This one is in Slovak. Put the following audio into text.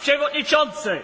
przewodniczący!